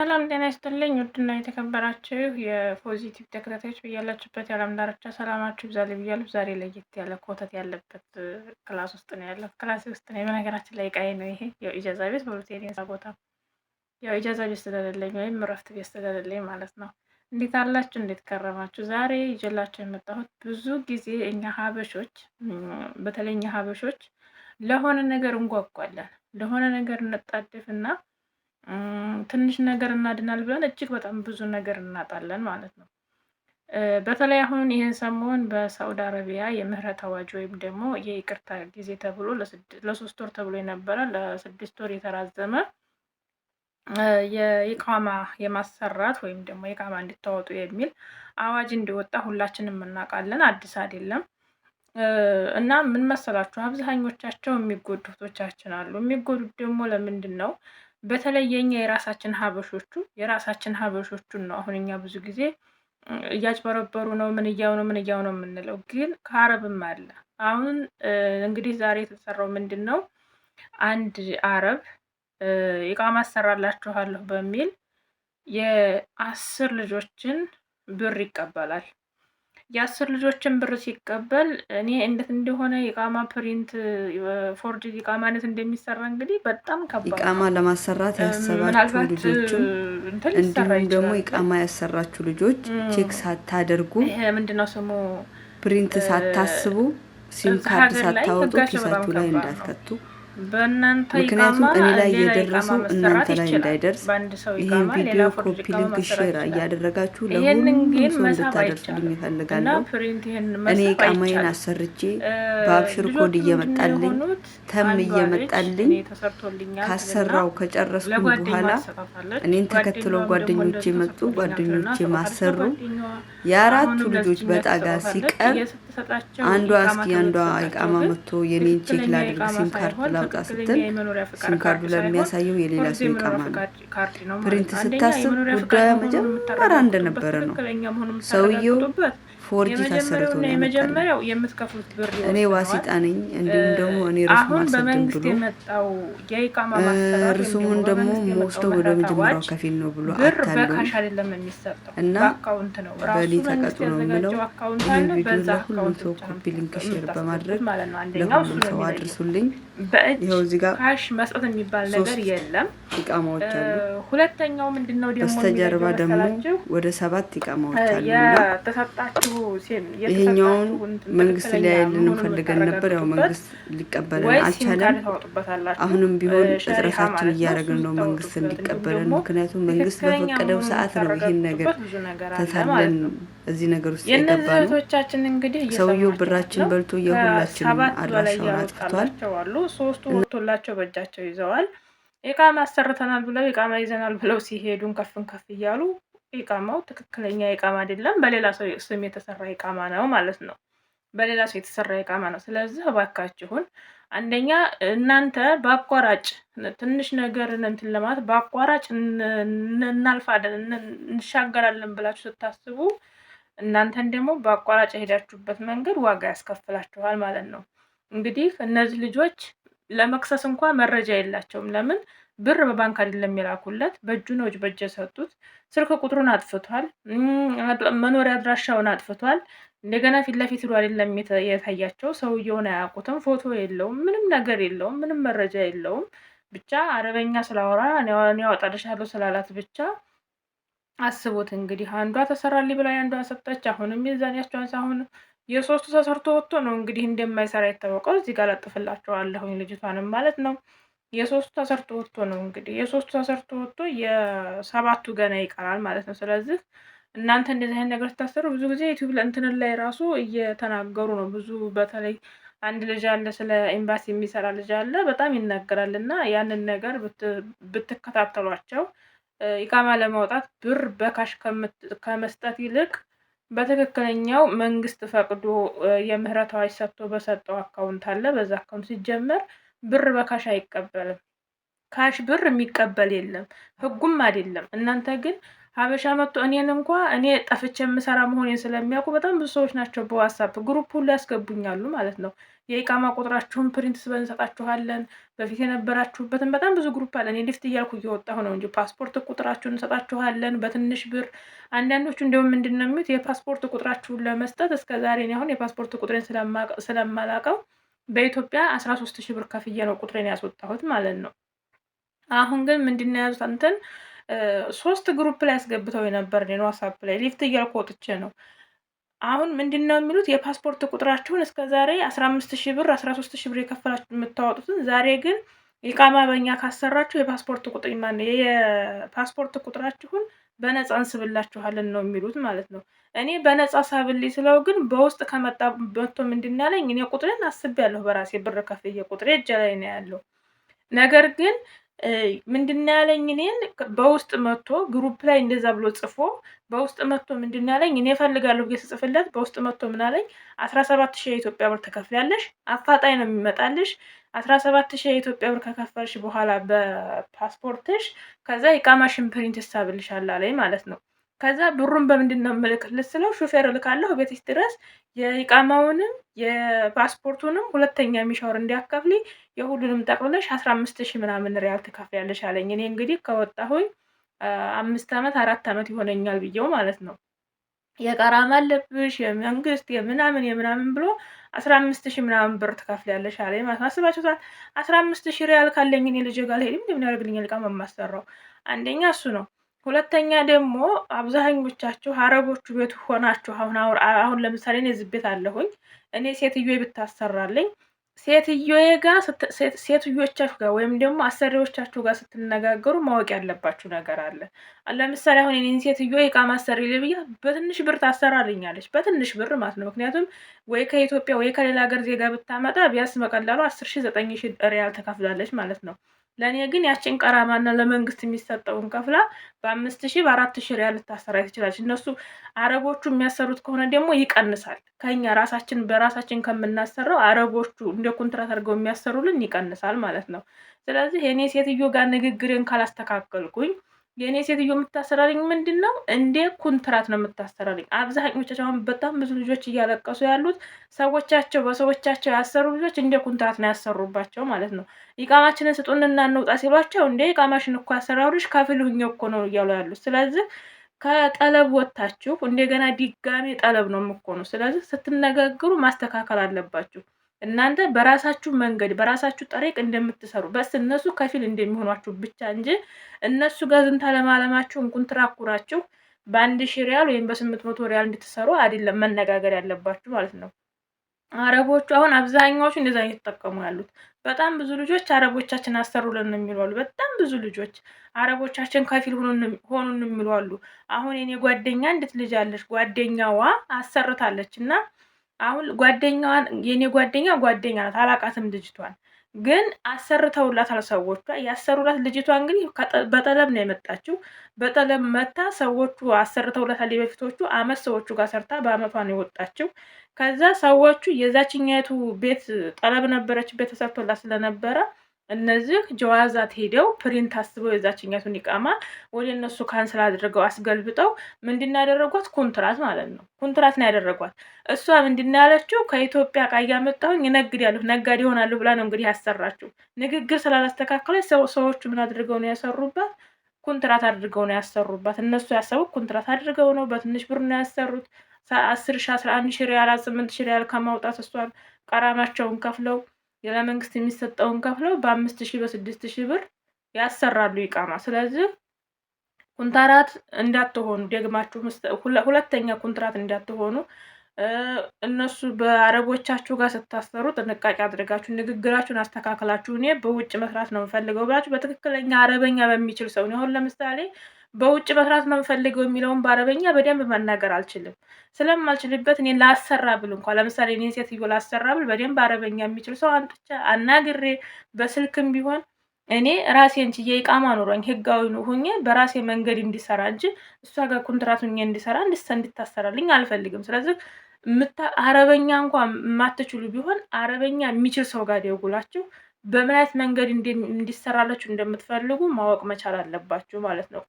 ሰላም ጤና ይስጥልኝ። ውድና የተከበራችሁ የፖዚቲቭ ተከታታዮች በያላችሁበት የዓለም ዳርቻ ሰላማችሁ ይብዛልኝ ብያለሁ። ዛሬ ለየት ያለ ኮተት ያለበት ክላስ ውስጥ ነው ያለው ክላስ ውስጥ ነው። በነገራችን ላይ ቃይ ነው ይሄ ያው ኢጃዛ ቤት ብሎት የኔሳ ቦታ ያው ኢጃዛ ቤት ስለሌለኝ ወይም እረፍት ቤት ስለሌለኝ ማለት ነው። እንዴት አላችሁ? እንዴት ከረማችሁ? ዛሬ ይዤላችሁ የመጣሁት ብዙ ጊዜ እኛ ሀበሾች በተለይ እኛ ሀበሾች ለሆነ ነገር እንጓጓለን፣ ለሆነ ነገር እንጣደፍና ትንሽ ነገር እናድናል ብለን እጅግ በጣም ብዙ ነገር እናጣለን ማለት ነው። በተለይ አሁን ይህን ሰሞን በሳውዲ አረቢያ የምህረት አዋጅ ወይም ደግሞ የይቅርታ ጊዜ ተብሎ ለሶስት ወር ተብሎ የነበረ ለስድስት ወር የተራዘመ የኢቃማ የማሰራት ወይም ደግሞ ኢቃማ እንድታወጡ የሚል አዋጅ እንዲወጣ ሁላችንም እናውቃለን። አዲስ አይደለም እና ምን መሰላችሁ አብዛኞቻቸው የሚጎዱ እህቶቻችን አሉ። የሚጎዱት ደግሞ ለምንድን ነው በተለይ የኛ የራሳችን ሀበሾቹ የራሳችን ሀበሾቹን ነው አሁን እኛ ብዙ ጊዜ እያጭበረበሩ ነው ምን እያው ነው ምን እያው ነው የምንለው፣ ግን ከአረብም አለ። አሁን እንግዲህ ዛሬ የተሰራው ምንድን ነው? አንድ አረብ ኢቃማ አሰራላችኋለሁ በሚል የአስር ልጆችን ብር ይቀበላል። የአስር ልጆችን ብር ሲቀበል እኔ እንደት እንደሆነ የቃማ ፕሪንት ፎርጅ ቃማ እንደሚሰራ እንግዲህ በጣም ከባድ ቃማ ለማሰራት ያሰባችሁ ልጆችም እንዲሁም ደግሞ የቃማ ያሰራችሁ ልጆች ቼክ ሳታደርጉ ምንድነው ስሙ ፕሪንት ሳታስቡ ሲም ካርድ ሳታወጡ ኪሳችሁ ላይ እንዳትከቱ ምክንያቱም እኔ ላይ የደረሰው እናንተ ላይ እንዳይደርስ ይህን ቪዲዮ ኮፒ ሊንክ ሼር እያደረጋችሁ ለሁሉም ሰው እንድታደርሱልኝ ይፈልጋለሁ። እኔ ቃማዬን አሰርቼ በአብሽር ኮድ እየመጣልኝ ተም እየመጣልኝ ካሰራው ከጨረስኩኝ በኋላ እኔን ተከትሎ ጓደኞቼ መጡ። ጓደኞቼ ማሰሩ የአራቱ ልጆች በጣጋ ሲቀር አንዷ እስኪ አንዷ እቃማ መጥቶ የኔን ቼክ ላድርግ ሲም ካርድ ላውጣ ስትል ሲም ካርዱ ለሚያሳየው የሌላ ሰው እቃማ ነው። ፕሪንት ስታስብ ጉዳዩ መጀመሪያ እንደነበረ ነው ሰውየው ፎርጂ ታሰርቶ የመጀመሪያው የምትከፍሉት ብር እኔ ዋሲጣ ነኝ። እንዲሁም ደግሞ እኔ ርሱ ማሰደም ብሎ ርሱሙን ደግሞ ሞስቶ ወደ መጀመሪያው ከፊል ነው ብሎ የሚሰጠው እና በሊ ተቀጡ ነው የምለው። ይህን ቪዲዮ ለሁሉም ሰው ኮፒ ሊንክ ሼር በማድረግ ለሁሉም ሰው አድርሱልኝ። ይኸው እዚህ ጋር የለም። ኢቃማዎች አሉ። ሁለተኛው ምንድነው ደግሞ በስተጀርባ ደግሞ ወደ ሰባት ኢቃማዎች አሉ እና ይሄኛውን መንግስት ሊያየልን እንፈልገን ነበር። ያው መንግስት ሊቀበለን አልቻለም። አሁንም ቢሆን እጥረታችን እያደረግን ነው መንግስት እንዲቀበለን። ምክንያቱም መንግስት በፈቀደው ሰዓት ነው ይህን ነገር ተታለን እዚህ ነገር ውስጥ የገባ ነው። ሰውየው ብራችን በልቶ የሁላችን አድራሻውን አጥፍቷል። ሶስቱ ወጥቶላቸው በእጃቸው ይዘዋል። እቃማ አሰርተናል ብለው እቃማ ይዘናል ብለው ሲሄዱን ከፍን ከፍ እያሉ ኢቃማው ትክክለኛ ኢቃማ አይደለም፣ በሌላ ሰው ስም የተሰራ ኢቃማ ነው ማለት ነው። በሌላ ሰው የተሰራ ኢቃማ ነው። ስለዚህ እባካችሁን አንደኛ እናንተ በአቋራጭ ትንሽ ነገር እንትን ለማለት በአቋራጭ እናልፋለን እንሻገራለን ብላችሁ ስታስቡ እናንተን ደግሞ በአቋራጭ የሄዳችሁበት መንገድ ዋጋ ያስከፍላችኋል ማለት ነው። እንግዲህ እነዚህ ልጆች ለመክሰስ እንኳን መረጃ የላቸውም። ለምን ብር በባንክ አይደለም የላኩለት፣ በእጁ ነው በእጅ የሰጡት። ስልክ ቁጥሩን አጥፍቷል፣ መኖሪያ አድራሻውን አጥፍቷል። እንደገና ፊት ለፊት ሉ አይደለም የታያቸው። ሰውየውን አያውቁትም፣ ፎቶ የለውም፣ ምንም ነገር የለውም፣ ምንም መረጃ የለውም። ብቻ አረበኛ ስላወራ እኔ አወጣልሻለሁ ስላላት ብቻ አስቡት እንግዲህ አንዷ ተሰራልኝ ብላ አንዷ ሰጠች። አሁንም የዛኔያቸውን አሁን የሶስቱ ተሰርቶ ወጥቶ ነው እንግዲህ እንደማይሰራ የታወቀው። እዚህ ጋር ለጥፍላቸዋለሁኝ ልጅቷንም ማለት ነው። የሶስቱ ተሰርቶ ወጥቶ ነው እንግዲህ የሶስቱ ተሰርቶ ወጥቶ የሰባቱ ገና ይቀራል ማለት ነው። ስለዚህ እናንተ እንደዚህ አይነት ነገር ስታሰሩ ብዙ ጊዜ ዩቲዩብ እንትን ላይ ራሱ እየተናገሩ ነው። ብዙ በተለይ አንድ ልጅ አለ፣ ስለ ኤምባሲ የሚሰራ ልጅ አለ፣ በጣም ይናገራል። እና ያንን ነገር ብትከታተሏቸው ኢቃማ ለማውጣት ብር በካሽ ከመስጠት ይልቅ በትክክለኛው መንግስት ፈቅዶ የምህረት አዋጅ ሰጥቶ በሰጠው አካውንት አለ በዛ አካውንት ሲጀመር ብር በካሽ አይቀበልም። ካሽ ብር የሚቀበል የለም፣ ህጉም አይደለም። እናንተ ግን ሀበሻ መጥቶ እኔን እንኳ እኔ ጠፍቼ የምሰራ መሆኔን ስለሚያውቁ በጣም ብዙ ሰዎች ናቸው በዋትሳፕ ግሩፕ ሁሉ ያስገቡኛሉ ማለት ነው። የኢቃማ ቁጥራችሁን ፕሪንት ስበን እንሰጣችኋለን፣ በፊት የነበራችሁበትን በጣም ብዙ ግሩፕ አለን። እኔ ሊፍት እያልኩ እየወጣሁ ነው እንጂ ፓስፖርት ቁጥራችሁን እንሰጣችኋለን በትንሽ ብር። አንዳንዶቹ እንዲሁም ምንድን ነው የሚሉት የፓስፖርት ቁጥራችሁን ለመስጠት እስከዛሬ እኔ አሁን የፓስፖርት ቁጥሬን ስለማላቀው በኢትዮጵያ አስራ ሶስት ሺህ ብር ከፍዬ ነው ቁጥሬን ያስወጣሁት ማለት ነው። አሁን ግን ምንድን ነው ያዙት አንተን ሶስት ግሩፕ ላይ አስገብተው የነበር እኔን ዋትሳፕ ላይ ሊፍት እያልኩ ወጥቼ ነው። አሁን ምንድን ነው የሚሉት የፓስፖርት ቁጥራችሁን እስከ ዛሬ አስራ አምስት ሺህ ብር አስራ ሶስት ሺህ ብር የከፈላችሁ የምታወጡትን ዛሬ ግን ይቃማ በኛ ካሰራችሁ የፓስፖርት ቁጥር የፓስፖርት ቁጥራችሁን በነፃ እንስብላችኋለን ነው የሚሉት ማለት ነው። እኔ በነፃ ሳብል ስለው ግን በውስጥ ከመጣ መጥቶ ምንድን ያለኝ እኔ ቁጥሬን አስቤያለሁ በራሴ ብር ከፍዬ ቁጥሬ እጄ ላይ ነው ያለው። ነገር ግን ምንድን ያለኝ እኔን በውስጥ መጥቶ ግሩፕ ላይ እንደዛ ብሎ ጽፎ በውስጥ መጥቶ ምንድን ያለኝ እኔ እፈልጋለሁ ብዬ ስጽፍለት በውስጥ መጥቶ ምን አለኝ አስራ ሰባት ሺህ የኢትዮጵያ ብር ትከፍያለሽ፣ አፋጣኝ ነው የሚመጣልሽ። አስራ ሰባት ሺህ የኢትዮጵያ ብር ከከፈልሽ በኋላ በፓስፖርትሽ ከዛ የቃማሽን ፕሪንት ሳብልሻል አለኝ ማለት ነው። ከዛ ብሩን በምንድን ነው የምልክልህ ስለው ሹፌር እልካለሁ ቤትሽ ድረስ የኢቃማውንም የፓስፖርቱንም ሁለተኛ የሚሻወር እንዲያካፍል የሁሉንም ጠቅልለሽ አስራ አምስት ሺህ ምናምን ሪያል ትከፍያለሽ አለኝ። እኔ እንግዲህ ከወጣሁኝ አምስት ዓመት አራት ዓመት ይሆነኛል ብዬው ማለት ነው የቀራማ አለብሽ የመንግስት የምናምን የምናምን ብሎ አስራ አምስት ሺህ ምናምን ብር ትከፍያለሽ አለኝ ማለት ነው። አስባችሁታል? አስራ አምስት ሺህ ሪያል ካለኝ እኔ ልጄ ጋር ልሄድ ምን ያደርግልኛል? ኢቃማ የማሰራው አንደኛ እሱ ነው። ሁለተኛ ደግሞ አብዛኞቻችሁ አረቦቹ ቤት ሆናችሁ አሁን አሁን ለምሳሌ እኔ እዚህ ቤት አለሁኝ እኔ ሴትዮ ብታሰራልኝ ሴትዮዬ ጋር ሴትዮቻችሁ ጋር ወይም ደግሞ አሰሪዎቻችሁ ጋር ስትነጋገሩ ማወቅ ያለባችሁ ነገር አለ። ለምሳሌ አሁን እኔን ሴትዮ እቃ ማሰሪ ልብያ በትንሽ ብር ታሰራልኛለች፣ በትንሽ ብር ማለት ነው። ምክንያቱም ወይ ከኢትዮጵያ ወይ ከሌላ ሀገር ዜጋ ብታመጣ ቢያንስ በቀላሉ አስር ሺ ዘጠኝ ሺ ሪያል ተካፍላለች ማለት ነው። ለእኔ ግን ያችን ቀራማና ለመንግስት የሚሰጠውን ከፍላ በአምስት ሺህ በአራት ሺህ ሪያል ልታሰራ ትችላለች። እነሱ አረቦቹ የሚያሰሩት ከሆነ ደግሞ ይቀንሳል። ከኛ ራሳችን በራሳችን ከምናሰራው አረቦቹ እንደ ኮንትራት አድርገው የሚያሰሩልን ይቀንሳል ማለት ነው። ስለዚህ እኔ ሴትዮ ጋር ንግግርን ካላስተካከልኩኝ የእኔ ሴትዮ የምታሰራልኝ ምንድን ነው እንዴ? ኩንትራት ነው የምታሰራርኝ። አብዛኞቻቸው አሁን በጣም ብዙ ልጆች እያለቀሱ ያሉት ሰዎቻቸው በሰዎቻቸው ያሰሩ ልጆች እንደ ኩንትራት ነው ያሰሩባቸው ማለት ነው። ይቃማችንን ስጡን እናንውጣ ሲሏቸው እንደ ይቃማሽን እኮ አሰራሩሽ ከፍል እኮ ነው እያሉ ያሉት። ስለዚህ ከጠለብ ወጥታችሁ እንደገና ድጋሜ ጠለብ ነው የምኮኑ። ስለዚህ ስትነጋገሩ ማስተካከል አለባችሁ። እናንተ በራሳችሁ መንገድ በራሳችሁ ጠሪቅ እንደምትሰሩ በስ እነሱ ከፊል እንደሚሆኗችሁ ብቻ እንጂ እነሱ ጋር ዝንታ ለማለማችሁ እንቁንትራኩራችሁ በአንድ ሺ ሪያል ወይም በስምንት መቶ ሪያል እንድትሰሩ አይደለም መነጋገር ያለባችሁ ማለት ነው። አረቦቹ አሁን አብዛኛዎቹ እንደዛ እየተጠቀሙ ያሉት በጣም ብዙ ልጆች አረቦቻችን አሰሩልን ነው የሚሉ በጣም ብዙ ልጆች አረቦቻችን ከፊል ሆኑን የሚሉ አሁን የኔ ጓደኛ እንድት ልጅ አለች ጓደኛዋ አሰርታለች እና አሁን ጓደኛዋን የኔ ጓደኛ ጓደኛ ናት አላቃትም ልጅቷን ግን አሰርተውላታል ሰዎቿ ያሰሩላት ልጅቷን ግን በጠለብ ነው የመጣችው በጠለብ መታ ሰዎቹ አሰርተውላታል የበፊቶቹ አመት ሰዎቹ ጋር ሰርታ በአመቷ ነው የወጣችው ከዛ ሰዎቹ የዛችኛቱ ቤት ጠለብ ነበረች ቤት ተሰርቶላት ስለነበረ እነዚህ ጀዋዛት ሄደው ፕሪንት አስበው የዛችኛቱን ይቃማ ወደ እነሱ ካንስል አድርገው አስገልብጠው ምንድን ያደረጓት ኮንትራት ማለት ነው። ኮንትራት ነው ያደረጓት። እሷ ምንድን ያለችው ከኢትዮጵያ ዕቃ እያመጣሁኝ እነግድ ያለሁ ነጋዴ ይሆናለሁ ብላ ነው እንግዲህ ያሰራችው። ንግግር ስላላስተካከለ ሰዎቹ ምን አድርገው ነው ያሰሩባት? ኮንትራት አድርገው ነው ያሰሩባት። እነሱ ያሰቡት ኮንትራት አድርገው ነው። በትንሽ ብር ነው ያሰሩት። አስር ሺ አስራ አንድ ሺ ሪያል ስምንት ሺ ሪያል ከማውጣት እሷን ቀራማቸውን ከፍለው ያለ መንግስት የሚሰጠውን ከፍለው በአምስት ሺህ በስድስት ሺህ ብር ያሰራሉ ይቃማ። ስለዚህ ኩንታራት እንዳትሆኑ ደግማችሁ ሁለተኛ ኩንትራት እንዳትሆኑ እነሱ በአረቦቻችሁ ጋር ስታሰሩ ጥንቃቄ አድርጋችሁ ንግግራችሁን አስተካክላችሁ እኔ በውጭ መስራት ነው የምፈልገው ብላችሁ በትክክለኛ አረበኛ በሚችል ሰው አሁን ለምሳሌ በውጭ መስራት ነው የምፈልገው የሚለውን በአረበኛ በደንብ መናገር አልችልም። ስለማልችልበት እኔ ላሰራ ብል እንኳ ለምሳሌ እኔን ሴትዮ ላሰራ ብል በደንብ አረበኛ የሚችል ሰው አምጥቼ አናግሬ በስልክም ቢሆን እኔ ራሴን ችዬ ኢቃማ ኖሮኝ ህጋዊ ሆኜ በራሴ መንገድ እንዲሰራ እንጂ እሷ ጋር ኮንትራት ሆኜ እንዲሰራ እንድታሰራልኝ አልፈልግም። ስለዚህ አረበኛ እንኳ የማትችሉ ቢሆን አረበኛ የሚችል ሰው ጋር ደውላችሁ በምን አይነት መንገድ እንዲሰራላችሁ እንደምትፈልጉ ማወቅ መቻል አለባችሁ ማለት ነው።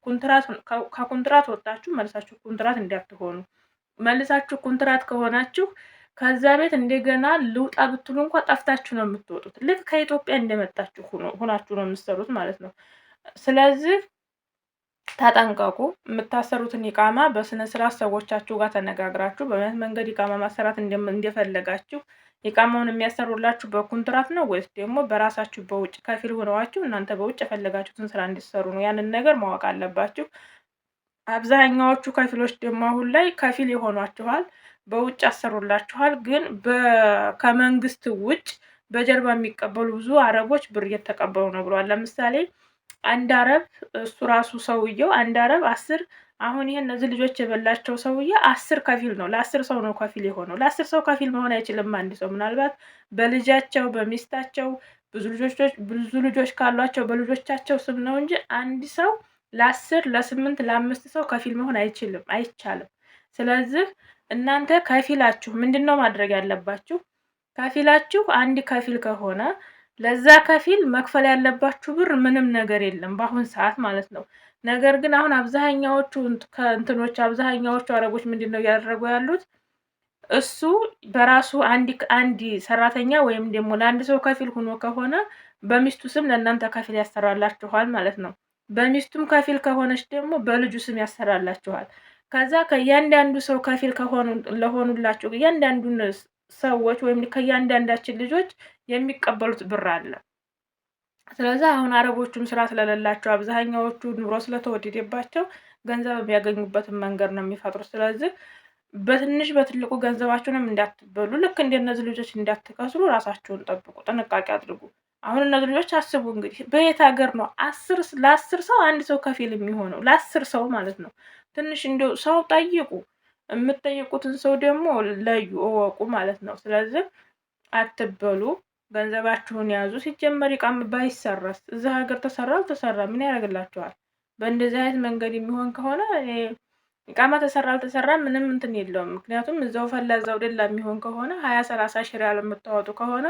ከኮንትራት ወጣችሁ መልሳችሁ ኮንትራት እንዳትሆኑ መልሳችሁ ኮንትራት ከሆናችሁ ከዛ ቤት እንደገና ልውጣ ብትሉ እንኳ ጠፍታችሁ ነው የምትወጡት። ልክ ከኢትዮጵያ እንደመጣችሁ ሆናችሁ ነው የምትሰሩት ማለት ነው። ስለዚህ ተጠንቀቁ። የምታሰሩትን ኢቃማ በስነ ስርዓት ሰዎቻችሁ ጋር ተነጋግራችሁ በምን መንገድ ኢቃማ ማሰራት እንደፈለጋችሁ ኢቃማውን የሚያሰሩላችሁ በኮንትራት ነው ወይስ ደግሞ በራሳችሁ በውጭ ከፊል ሆነዋችሁ እናንተ በውጭ የፈለጋችሁትን ስራ እንዲሰሩ ነው? ያንን ነገር ማወቅ አለባችሁ። አብዛኛዎቹ ከፊሎች ደግሞ አሁን ላይ ከፊል የሆኗችኋል፣ በውጭ ያሰሩላችኋል። ግን ከመንግስት ውጭ በጀርባ የሚቀበሉ ብዙ አረቦች ብር እየተቀበሉ ነው ብለዋል። ለምሳሌ አንድ አረብ እሱ ራሱ ሰውየው አንድ አረብ አስር አሁን ይሄ እነዚህ ልጆች የበላቸው ሰውዬ አስር ከፊል ነው። ለአስር ሰው ነው ከፊል የሆነው። ለአስር ሰው ከፊል መሆን አይችልም። አንድ ሰው ምናልባት በልጃቸው በሚስታቸው ብዙ ልጆች ብዙ ልጆች ካሏቸው በልጆቻቸው ስም ነው እንጂ አንድ ሰው ለአስር ለስምንት ለአምስት ሰው ከፊል መሆን አይችልም፣ አይቻልም። ስለዚህ እናንተ ከፊላችሁ ምንድን ነው ማድረግ ያለባችሁ? ከፊላችሁ አንድ ከፊል ከሆነ ለዛ ከፊል መክፈል ያለባችሁ ብር ምንም ነገር የለም በአሁን ሰዓት ማለት ነው። ነገር ግን አሁን አብዛኛዎቹ ከእንትኖች አብዛኛዎቹ አረቦች ምንድን ነው እያደረጉ ያሉት? እሱ በራሱ አንድ አንድ ሰራተኛ ወይም ደግሞ ለአንድ ሰው ከፊል ሆኖ ከሆነ በሚስቱ ስም ለእናንተ ከፊል ያሰራላችኋል ማለት ነው። በሚስቱም ከፊል ከሆነች ደግሞ በልጁ ስም ያሰራላችኋል። ከዛ ከእያንዳንዱ ሰው ከፊል ከሆኑ ለሆኑላችሁ እያንዳንዱን ሰዎች ወይም ከእያንዳንዳችን ልጆች የሚቀበሉት ብር አለ። ስለዚህ አሁን አረቦቹም ስራ ስለሌላቸው አብዛኛዎቹ ኑሮ ስለተወደደባቸው ገንዘብ የሚያገኙበትን መንገድ ነው የሚፈጥሩት። ስለዚህ በትንሽ በትልቁ ገንዘባችሁንም እንዳትበሉ፣ ልክ እነዚህ ልጆች እንዳትከስሩ ራሳችሁን ጠብቁ፣ ጥንቃቄ አድርጉ። አሁን እነዚህ ልጆች አስቡ እንግዲህ በየት ሀገር ነው ለአስር ሰው አንድ ሰው ከፊል የሚሆነው? ለአስር ሰው ማለት ነው። ትንሽ እንዲያው ሰው ጠይቁ። የምትጠይቁትን ሰው ደግሞ ለዩ፣ እወቁ ማለት ነው። ስለዚህ አትበሉ፣ ገንዘባችሁን ያዙ። ሲጀመር ቃም ባይሰረስ እዛ ሀገር ተሰራ አልተሰራ ምን ያደርግላችኋል? በእንደዚህ አይነት መንገድ የሚሆን ከሆነ ቃማ ተሰራ አልተሰራ ምንም እንትን የለውም። ምክንያቱም እዛው ፈላዛው ደላ የሚሆን ከሆነ ሀያ ሰላሳ ሺህ ሪያል የምታወጡ ከሆነ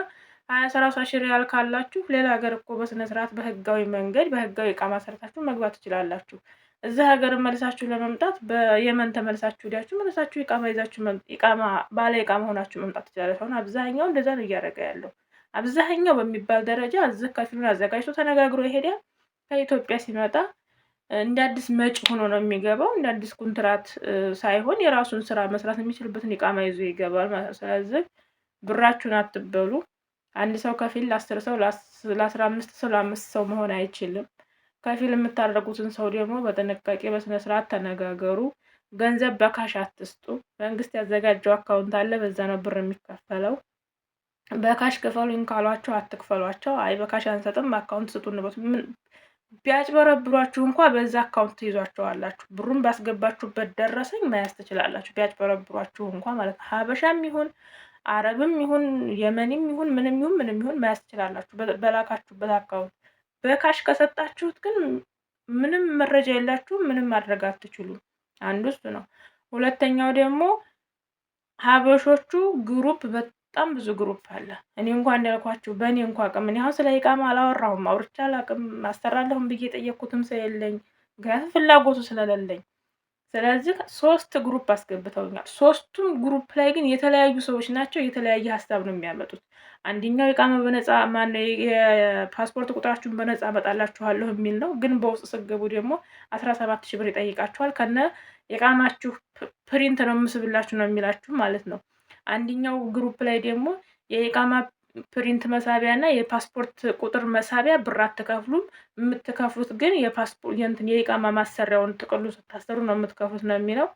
ሀያ ሰላሳ ሺህ ሪያል ካላችሁ ሌላ ሀገር እኮ በስነስርዓት በህጋዊ መንገድ በህጋዊ ቃማ ሰርታችሁ መግባት ትችላላችሁ። እዚ ሀገር መልሳችሁ ለመምጣት በየመን ተመልሳችሁ ሄዳችሁ መልሳችሁ ቃማ ይዛችሁ ቃማ ባለ ቃማ ሆናችሁ መምጣት ትችላለች። አሁን አብዛኛው እንደዛ ነው እያደረገ ያለው አብዛኛው በሚባል ደረጃ እዚህ ከፊሉን አዘጋጅቶ ተነጋግሮ ይሄዳል። ከኢትዮጵያ ሲመጣ እንደ አዲስ መጪ ሆኖ ነው የሚገባው። እንደ አዲስ ኮንትራት ሳይሆን የራሱን ስራ መስራት የሚችልበትን ቃማ ይዞ ይገባል ስለዚህ ብራችሁን አትበሉ። አንድ ሰው ከፊል ለአስር ሰው ለአስራ አምስት ሰው ለአምስት ሰው መሆን አይችልም። ከፊል የምታደርጉትን ሰው ደግሞ በጥንቃቄ በስነስርዓት ተነጋገሩ። ገንዘብ በካሽ አትስጡ። መንግስት ያዘጋጀው አካውንት አለ፣ በዛ ነው ብር የሚከፈለው። በካሽ ክፈሉኝ ካሏቸው አትክፈሏቸው። አይ በካሽ አንሰጥም አካውንት ስጡን በት ቢያጭበረብሯችሁ እንኳ በዛ አካውንት ትይዟቸዋላችሁ። ብሩን ባስገባችሁበት ደረሰኝ መያዝ ትችላላችሁ። ቢያጭበረብሯችሁ እንኳ ማለት ነው። ሀበሻም ይሁን አረብም ይሁን የመንም ይሁን ምንም ይሁን ምንም ይሁን መያዝ ትችላላችሁ በላካችሁበት አካውንት በካሽ ከሰጣችሁት ግን ምንም መረጃ የላችሁም፣ ምንም ማድረግ አትችሉም። አንዱ እሱ ነው። ሁለተኛው ደግሞ ሀበሾቹ ግሩፕ በጣም ብዙ ግሩፕ አለ። እኔ እንኳ እንዳልኳችሁ በእኔ እንኳ አቅም እኔ አሁን ስለ ኢቃማ አላወራሁም፣ አውርቻ አላቅም፣ አሰራለሁም ብዬ የጠየቅኩትም ሰው የለኝ፣ ምክንያቱም ፍላጎቱ ስለሌለኝ ስለዚህ ሶስት ግሩፕ አስገብተውኛል። ሶስቱም ግሩፕ ላይ ግን የተለያዩ ሰዎች ናቸው። የተለያየ ሀሳብ ነው የሚያመጡት። አንደኛው የቃመ በነጻ ማነው የፓስፖርት ቁጥራችሁን በነጻ አመጣላችኋለሁ የሚል ነው። ግን በውስጥ ስገቡ ደግሞ አስራ ሰባት ሺ ብር ይጠይቃችኋል። ከነ የቃማችሁ ፕሪንት ነው የምስብላችሁ ነው የሚላችሁ ማለት ነው። አንደኛው ግሩፕ ላይ ደግሞ የቃማ ፕሪንት መሳቢያ እና የፓስፖርት ቁጥር መሳቢያ ብር አትከፍሉም። የምትከፍሉት ግን የፓስፖርት የኢቃማ ማሰሪያውን ጥቅሉ ስታሰሩ ነው የምትከፍሉት ነው የሚለው።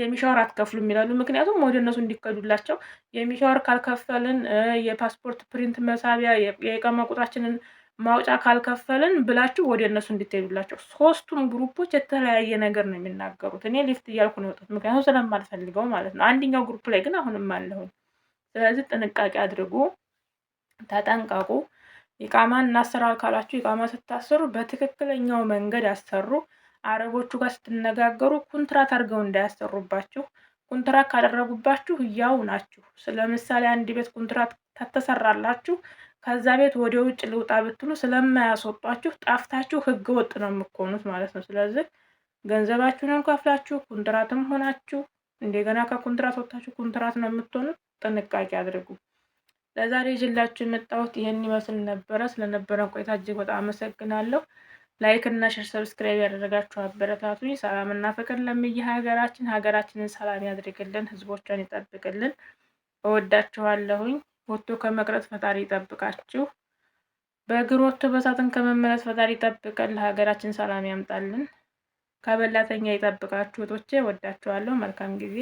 የሚሻወር አትከፍሉም ይላሉ። ምክንያቱም ወደ እነሱ እንዲከዱላቸው የሚሻወር ካልከፈልን የፓስፖርት ፕሪንት መሳቢያ የኢቃማ ቁጥራችንን ማውጫ ካልከፈልን ብላችሁ ወደ እነሱ እንድትሄዱላቸው። ሶስቱም ግሩፖች የተለያየ ነገር ነው የሚናገሩት። እኔ ሊፍት እያልኩ ነው የወጣሁት፣ ምክንያቱም ስለማልፈልገው ማለት ነው። አንደኛው ግሩፕ ላይ ግን አሁንም አለሁኝ። ስለዚህ ጥንቃቄ አድርጉ፣ ተጠንቀቁ። ኢቃማን እናሰራ አካላችሁ ኢቃማ ስታሰሩ በትክክለኛው መንገድ አሰሩ። አረቦቹ ጋር ስትነጋገሩ ኩንትራት አድርገው እንዳያሰሩባችሁ። ኩንትራት ካደረጉባችሁ ያው ናችሁ። ስለምሳሌ አንድ ቤት ኩንትራት ተተሰራላችሁ ከዛ ቤት ወደ ውጭ ልውጣ ብትሉ ስለማያስወጧችሁ ጣፍታችሁ ህገ ወጥ ነው የምትሆኑት ማለት ነው። ስለዚህ ገንዘባችሁንም ከፍላችሁ ኩንትራትም ሆናችሁ እንደገና ከኩንትራት ወጥታችሁ ኩንትራት ነው የምትሆኑት። ጥንቃቄ አድርጉ። ለዛሬ ይዤላችሁ የመጣሁት ይህን ይመስል ነበረ። ስለነበረን ቆይታ እጅግ በጣም አመሰግናለሁ። ላይክ እና ሼር፣ ሰብስክራይብ ያደረጋችሁ አበረታቱኝ። ሰላም እና ፍቅር ለሚየ ሀገራችን ሀገራችንን ሰላም ያድርግልን፣ ህዝቦቿን ይጠብቅልን። እወዳችኋለሁኝ። ወጥቶ ከመቅረት ፈጣሪ ይጠብቃችሁ። በግሮቶ በሳጥን ከመመለስ ፈጣሪ ይጠብቀን። ለሀገራችን ሰላም ያምጣልን። ከበላተኛ ይጠብቃችሁ። እህቶቼ እወዳችኋለሁ። መልካም ጊዜ